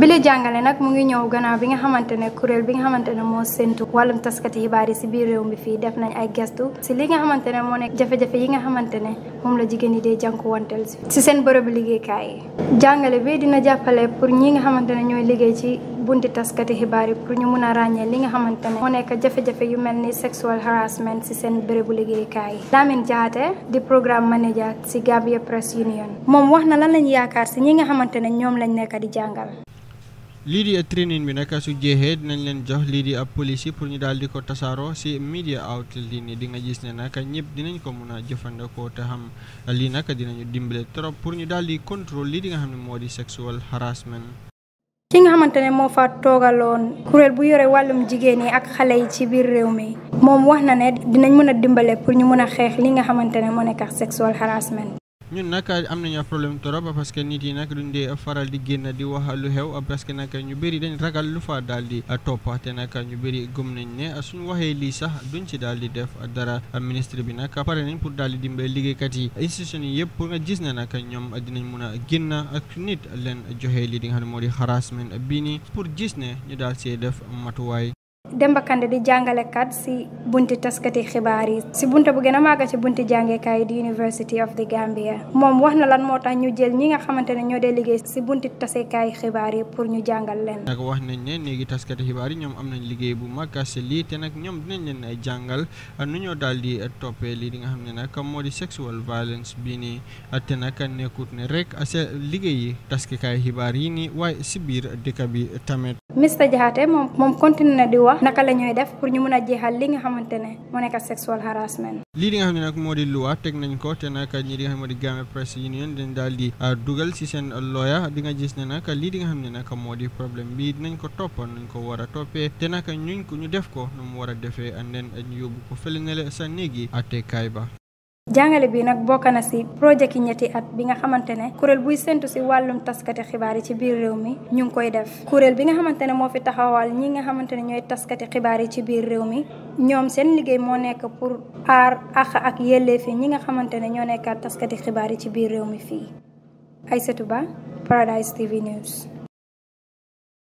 bile jàngale nag mu ngi ñëw gannaaw bi nga xamante ne kuréel bi nga xamante ne moo séntu wàllum taskati xibaar yi si biir réew mi fii def nañ ay gestu si li nga xamante ne moo nekk jafe-jafe yi nga xamante ne moom la jigéen yi dee jànkuwanteel si seen bërëbu liggéeykaay yi jàngale bi dina jàppale pour ñi nga xamante ne ñooy liggéey ci bunti taskati xibaar yi pour ñu mun a ràññee li nga xamante ne moo nekk jafe yu mel ni sexual harassment si seen bërëbu liggéeykaay yi Lamine Jaxate di programme manager si Gambia Press Union moom wax na lan lañ yaakaar si ñi nga xamante ne ñoom lañ nekk di jàngal lii di training bi nag su jeexee dinañ leen jox lii di ab policy pour ñu daal di ko tasaaroo si media outlet yi nii di nga gis ne nag ñëpp dinañ ko mun a jëfandikoo te xam lii nag dinañu dimbale trop pour ñu daal di contrôle lii di nga xam ne moo di sexual harassment. ki nga xamante ne moo fa toogaloon kuréel bu yore wàllum jigéen yi ak xale yi ci biir réew mi moom wax na ne dinañ mën a dimbale pour ñu mën a xeex li nga xamante ne moo nekk ak sexual harassment. ñun nag am nañu problème trop parce que nit yi nag duñ dee faral di génn di wax lu xew parce que nag ñu bëri dañ ragal lu fa daal di topp te nag ñu bëri gëm nañ ne suñ waxee lii sax duñ ci daal di def dara ministre bi nag pare nañ pour daal di dimbale liggéeykat yi institution yi yëpp nga gis ne nag ñoom dinañ mun a génn ak nit leen joxe lii di nga xam ne moo di harassment bi nii pour gis ne ñu daal see def matuwaay. Demba Kande di kat si bunti taskati xibaari si bunta bu gën maga ci bunti kay di University of the Gambia moom waxna lan motax ñu jël ñi nga xamantene ñoo liggéey si bunti tassé kay xibaari pour ñu jangal leen nak wax nañ ne gi taskati xibaari ñom am nañ liggéey bu maga ci li té nak ñom dinañ leen jangal nu ñoo di toppee di nga xamné nak modi sexual violence bi ni te nak nekkut ne rek sa liggéey taskati xibaar yi nii waaye si biir dëkk bi tamet Mr Jaxate moom moom continue na di wax naka la ñooy def pour ñu mun a jeexal li nga xamante ne mu nekk sexual harassment. lii li nga xam ne nag moo di luwa teg nañ ko te nag ñi di nga xam ne moo di Gambia Press Union dañ daal di ah, dugal si seen lawyer di nga gis ne nag lii di nga xam ne nag moo di problème bi dinañ ko toppa nuñ ko war a toppee te nag ñuñ ko ñu def ko nu mu war a defee and then ñu yóbbu ko fële ne la sa néegi attekaay ba jàngale bi nag bokk na si projet ki ñetti at bi nga xamante ne kuréel buy séntu si wàllum taskati xibaar yi ci biir réew mi ñu ngi koy def kuréel bi nga xamante ne moo fi taxawal ñi nga xamante ne ñooy taskati xibaar yi ci biir réew mi ñoom seen liggéey moo nekk pour aar àq ak yelleef yi ñi nga xamante ne ñoo nekkaat taskati xibaar yi ci biir réew mi fii setu Ba Paradise TV News